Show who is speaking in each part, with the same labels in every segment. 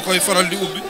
Speaker 1: ñoo koy
Speaker 2: faral di ubbi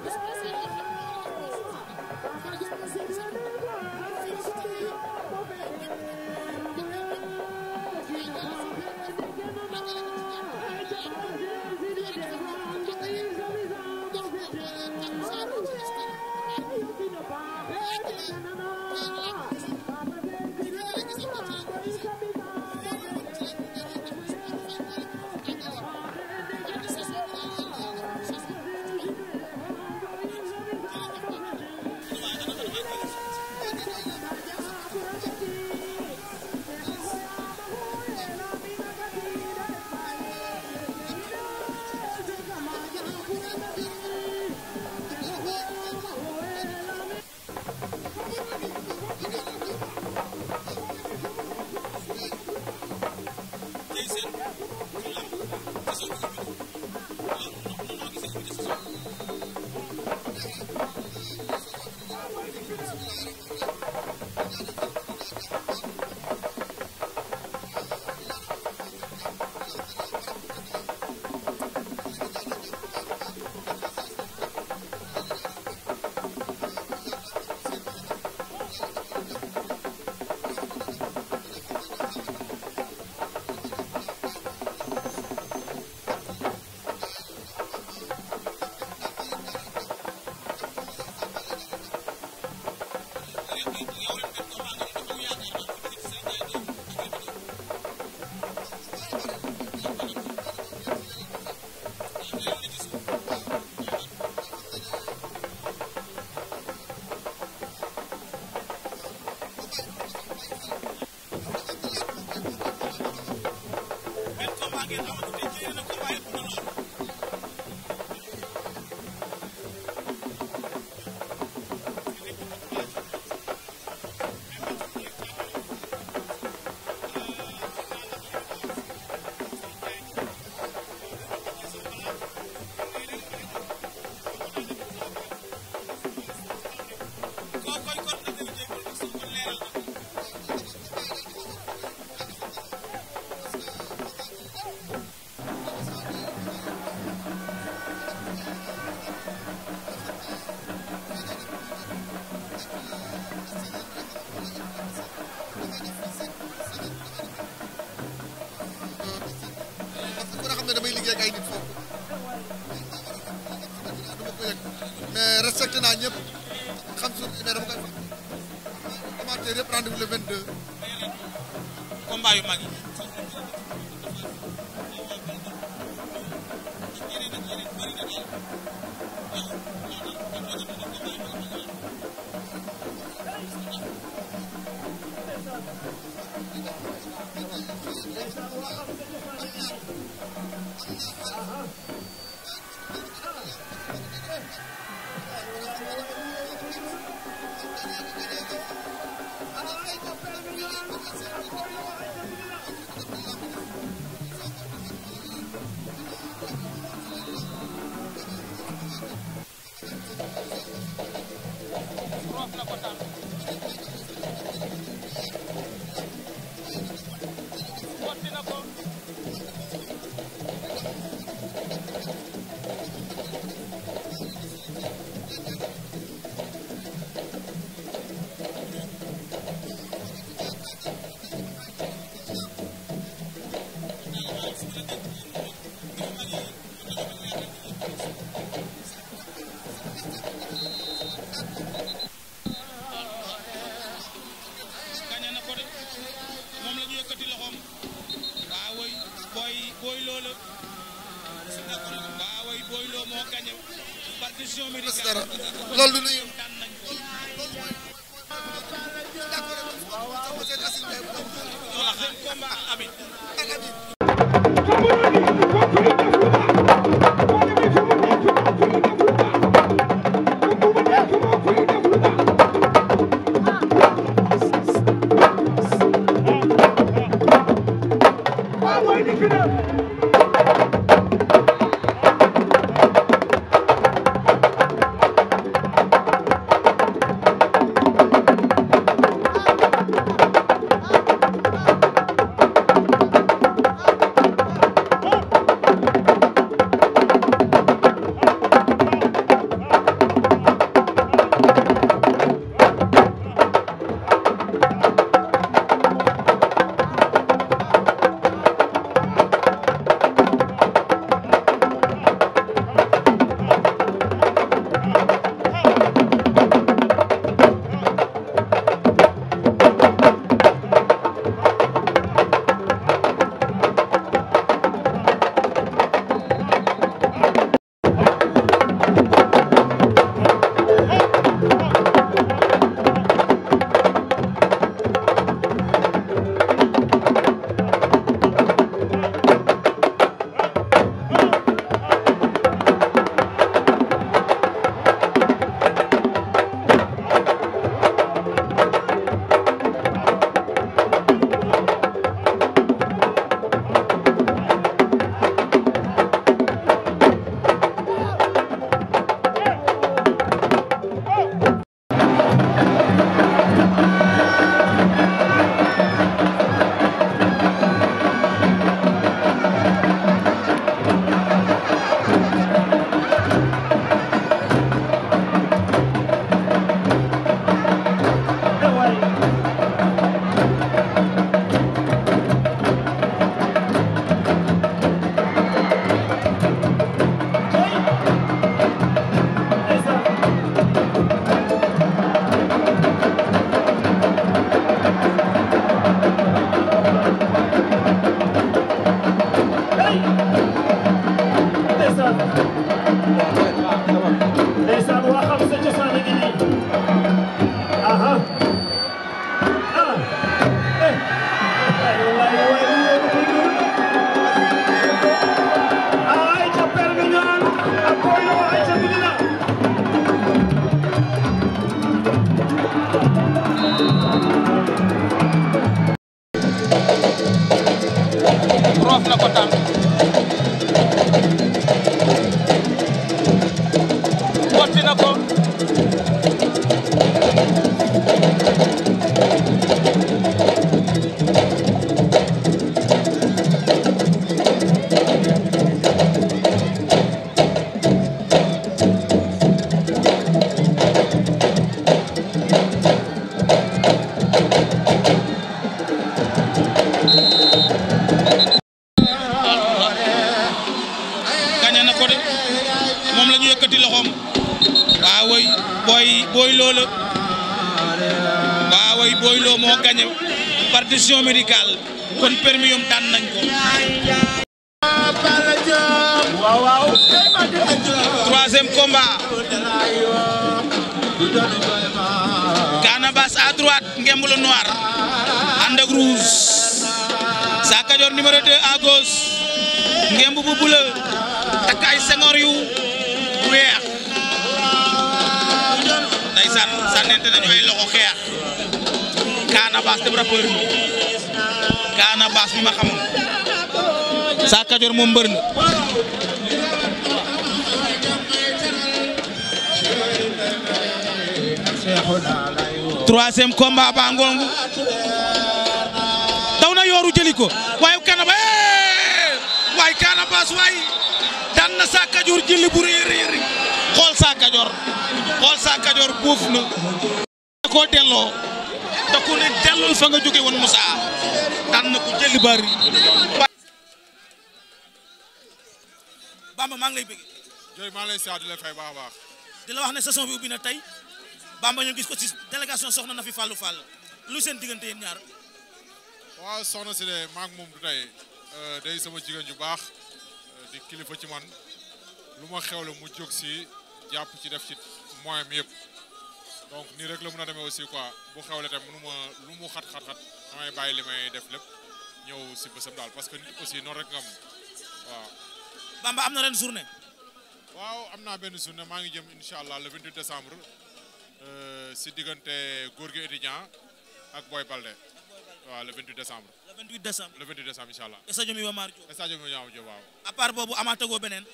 Speaker 2: Thank you. booy booy loo la waaw way booy loo moo gagné partition médicale kon permis yom daan nañ droite ngemb lu noir ànd ak rouge numéro 2 ngemb bu bleu takk ay sengoor yu ndeysaan sànnente nañu daw na yooru jëli waaye Kaana ba eh! waaye Kaana na Sa Kajoor jëli bu xool Sa xool saa kajoor buuf nu da koo delloo te ku ne dellul fa nga jóge woon Moussa tànn ku jëli bari
Speaker 3: Bamba maa lay bëgg jooy maa lay saa di fay baax baax
Speaker 2: di wax ne sa saison bi ubbi na tey Bamba ñu gis ko ci délégation soxna na fi Fallou Fall lu seen
Speaker 3: diggante yéen naar waaw soxna si de maak moom du tey euh, day sama jigéen ju baax euh, di kilifa ci man lu ma xewle mu jóg si jàpp ci def moyen mi yëpp donc nii rek la mën a demee aussi quoi bu xewle tam mënu ma lu mu xat-xat-xat damay bàyyi li may def lépp ñëw si bésam daal parce que nit aussi noonu rek waaw. Bamba am na ren journée. waaw am naa benn journée maa ngi jëm incha allah le 28 décembre euh, si diggante góor gi étudiant ak Boy Balde waaw le 28 décembre. le 28 décembre le décembre incha allah. stade Iba Mar Diop stade Iba Mar Diop waaw. beneen.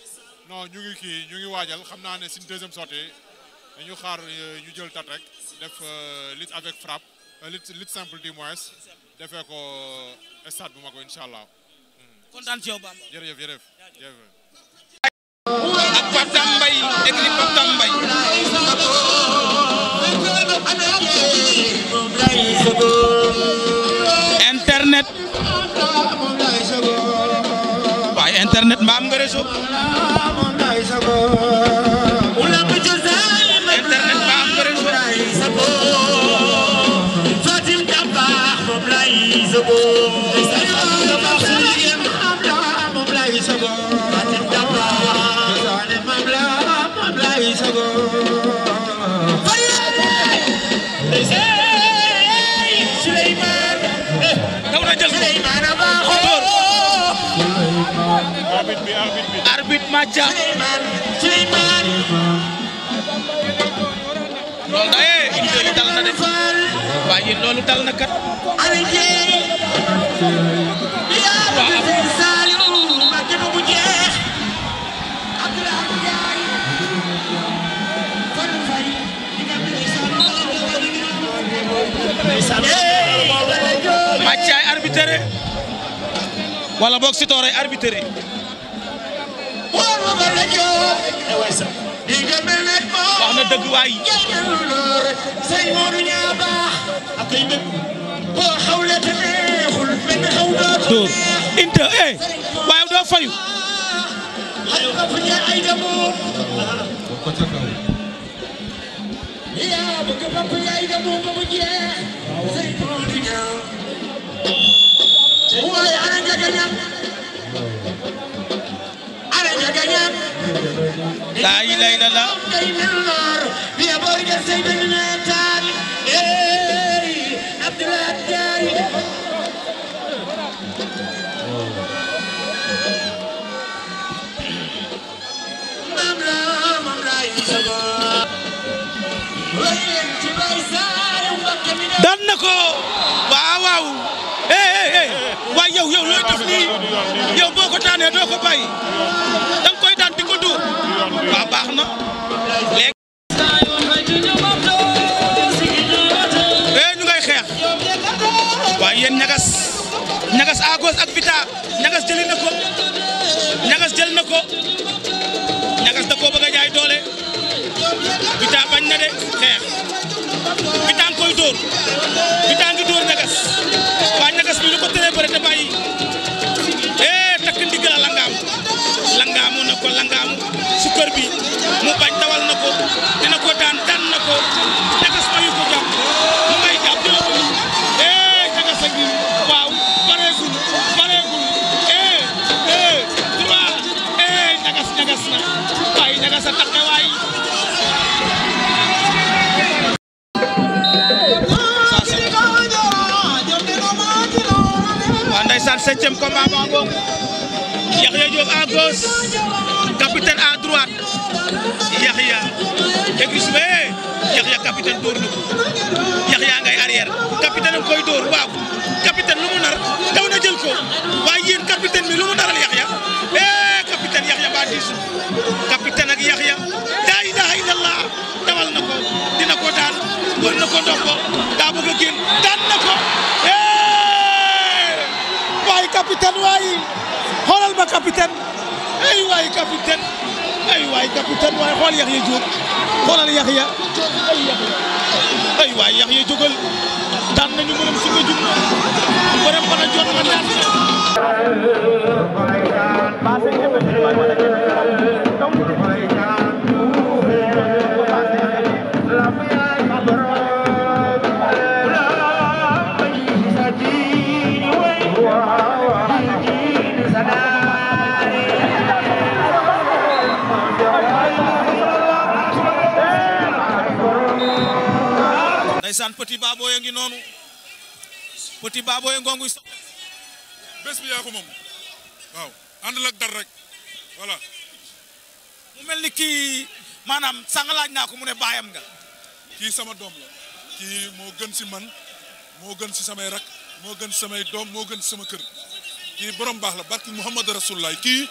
Speaker 3: non ñu ngi kii ñu ngi waajal xam naa ne ñu xaar euh, ñu jël tat rek def euh, lutte avec frappe euh, lutte lutte simple du moins defee ko stade bu mag incha allah. Hmm. kontaan ci yow Bamba. jërëjëf jërëjëf jërëjëf. ak Pape Dame Mbaye écrit Pape Dame Mbaye.
Speaker 2: internet. waaye internet mbaam nga réseau. arbitre Macha. loolu da eh loolu dal na de waaye loolu dal na kat. Macha ay arbitre wala boog Sitor ay arbitre wax na dëgg waay. dóor inter eh waaye doo fayu. waaw. laa ilaha illallah daan na ko waaw waaw eh eh eh waaye yow yow looy def nii boo ko daanee doo ko bàyyi waaw baax na léegi. eh ñu ngay xeex waaye yéen ñagas ñagas à gauche ak vita ñagas jëlee na ko ñagas da koo bëgg a jaay doole vita bañ na de xeex vita koy dóor. gauche capitaine à droite Yaxya église ba Yaxya capitaine dóor na ko Yaxya ngay arrière capitaine koy dóor waaw capitaine lu nar daw na jël ko waaye yéen capitaine bi lu mu naral Yaxya eh capitaine Yaxya ba diisu capitaine ak Yaxya laa ilaaha illallah dawal na ko dina ko daan wër na ko ndox ko daa bëgg a génn na ko eh waaye capitaine waaye xoolal ma capitaine ay waay capitaine ay waay capitaine waaye xool yax ya jóg xoolal yax ya ay yax ya ay waay yax ya jógal daan nañu mërëm su nga jug borom mën a jot nga daan ndaysaan petit baabooy a ngi noonu petit baabooy a ngongu so bés bi yaa ko moom waaw àndal ak dar rek voilà mu mel ni kii maanaam sànq laaj naa ko mu ne baayam nga kii sama doom la kii moo gën si man moo gën si sama rak moo gën samay doom moo gën si sama kër kii borom baax la barki Muhammad Rasulullah kii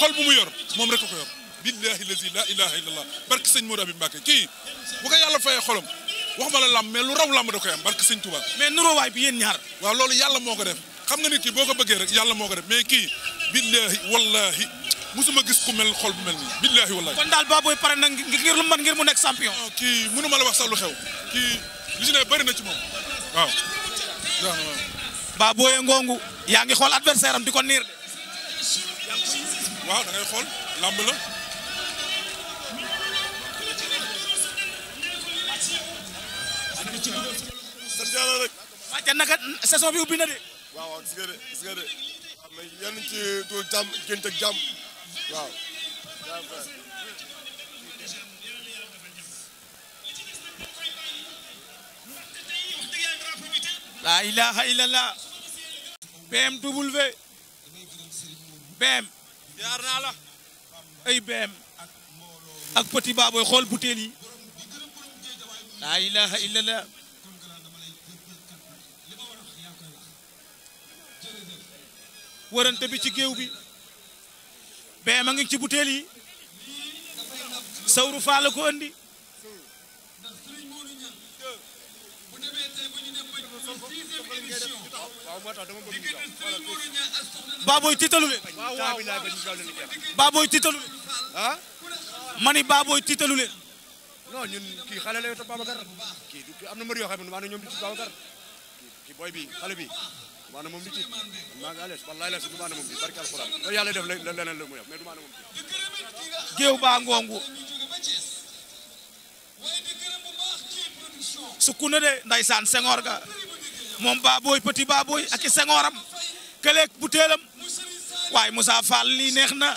Speaker 2: xol bu mu yor moom rek ko yor billahi lazi la ilaha illallah barki sëñ Modou Habib Mbacké kii bu yàlla fayee xolam waxuma la lamb mais lu raw lamb da koy am barke sëñ Tuubaa mais nuróowaay bi yéen ñaar waaw loolu yàlla moo ko def xam nga nit ki boo ko bëggee rek yàlla moo ko def mais kii billaahi wallaahi musuma gis ku mel xol bu mel nii billaahi wallaahi kon daal Baboy pare na ngir lu man ngir mu nekk champion kii mënu ma la wax sax lu xew kii li ci ne na ci moom waaw Baboye Ngongu yaa ngi xool adversaire di ko niir
Speaker 3: waaw da ngay xool lamb la ci sant yàlla rek waaw
Speaker 2: te naka saison la ilaha illallah ak petit baaboy xool butéel yi laa ilaha illallah warante bi ci géew bi bee ma ngi ci butéel yi sawru faala ko andi baaboy tiitalu leen baaboy tiitalu leen mani baaboy tiitalu leen non ñun kii xale la yow te Babacar kii du am na mbër yoo xam ne maa ne ñoom du ci Babacar kii booy bi xale bi maa ne moom du ci maa ngi à l'aise wallaay la si du maa ne moom bi barki alxuraan loolu yàlla def leneen la mu def mais du maa ne moom bi géew baa ngongu sukku na de ndaysaan sengoor ga moom baabooy petit baabooy ak i sengooram këleeg bu teelam waaye Moussa Fall lii neex na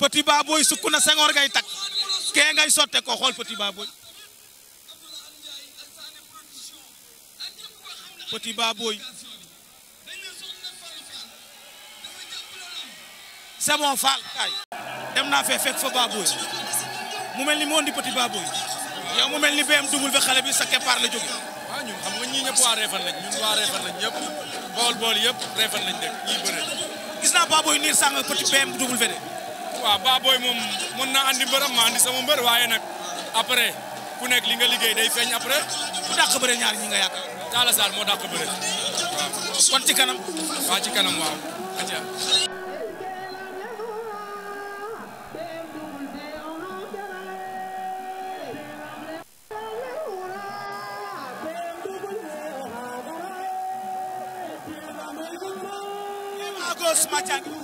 Speaker 2: petit baabooy sukku na sengoor ngay takk kee ngay sotte ko xool Petit Baboy Petit Baboy c'est bon Fall kay dem naa fee fekk fa Baboy mu mel ni moo ndi Petit Baboy mu mel ni BMW xale bi sa keppaar la jóge waaw ah, ñun xam ñëpp waa Réfane lañ ñun waa Réfane lañ ñëpp bool bool yëpp Réfane lañ dëkk ñii bëre gis naa Baboy niir sàng petit BMW de waaw Baboy moom mën na andi mbërëm ma andi sama mbër waaye nag après ku nekk li nga liggéey day feeñ après. ku dàq ñaar ñi nga yaakaar. Talla Sall moo dàq bëre waaw. kon ci kanam. waaw ci kanam waaw.
Speaker 4: Agos Matiang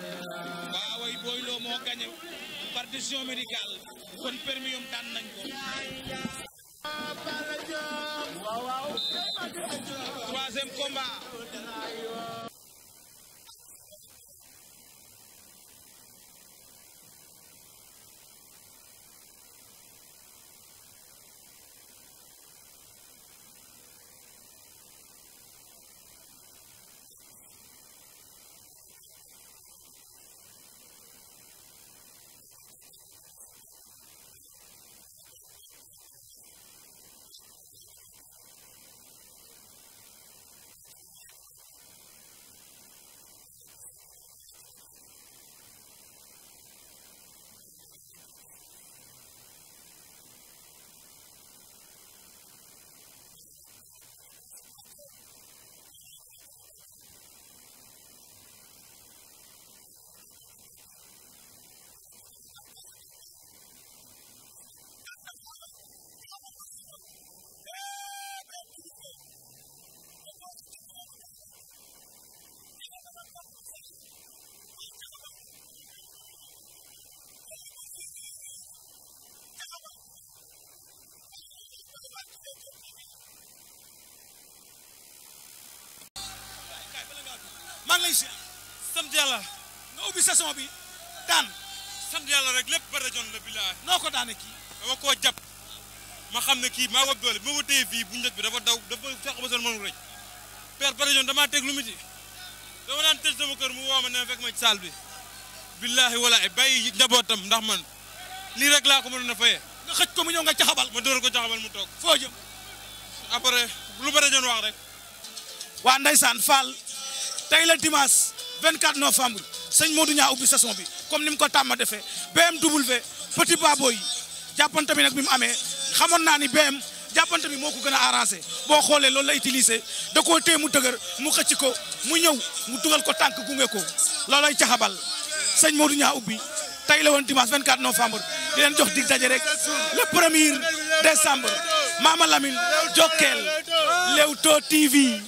Speaker 2: la waaway booy loo moo gañe par décision médicale daan nañ ko combat sant yàlla nga ubbi saison bi daan sant yàlla rek lépp bare jon la bilaay noo ko daane kii dama koo jàpp ma xam ne kii ma ko doole bi ma ko fii bu njëkk bi dafa daw dafa feq ba son mënu rëj père bare jon damaa teg lu miti dama daan tëj sama kër mu woo ma ne fekk ma ci saal bi billaahi walaay bàyyi njabootam ndax man lii rek laa ko mënoon a fayee nga xëj ko mu ñëw nga caxabal ma dóor ko caxabal mu toog foo jëm lu ba jon wax rek waa ndeysaan Fall tey la dimanche 24 novembre sëñ Modou Niang ubbi sason bi comme ni mu ko tàmm defee BMW petit babo yi jàppante bi nag bi mu amee xamoon naa ni BM jàppante bi moo ko gën a arrangé boo xoolee loolu la utilisé da koo téye mu dëgër mu xëcc ko mu ñëw mu dugal ko tànk gunge ko ca xabal sëñ Modou Niang ubbi tey la woon dimanche 24 novembre di leen jox dig daje rek le premier décembre Mama Lamine Jokkel Leewtoo TV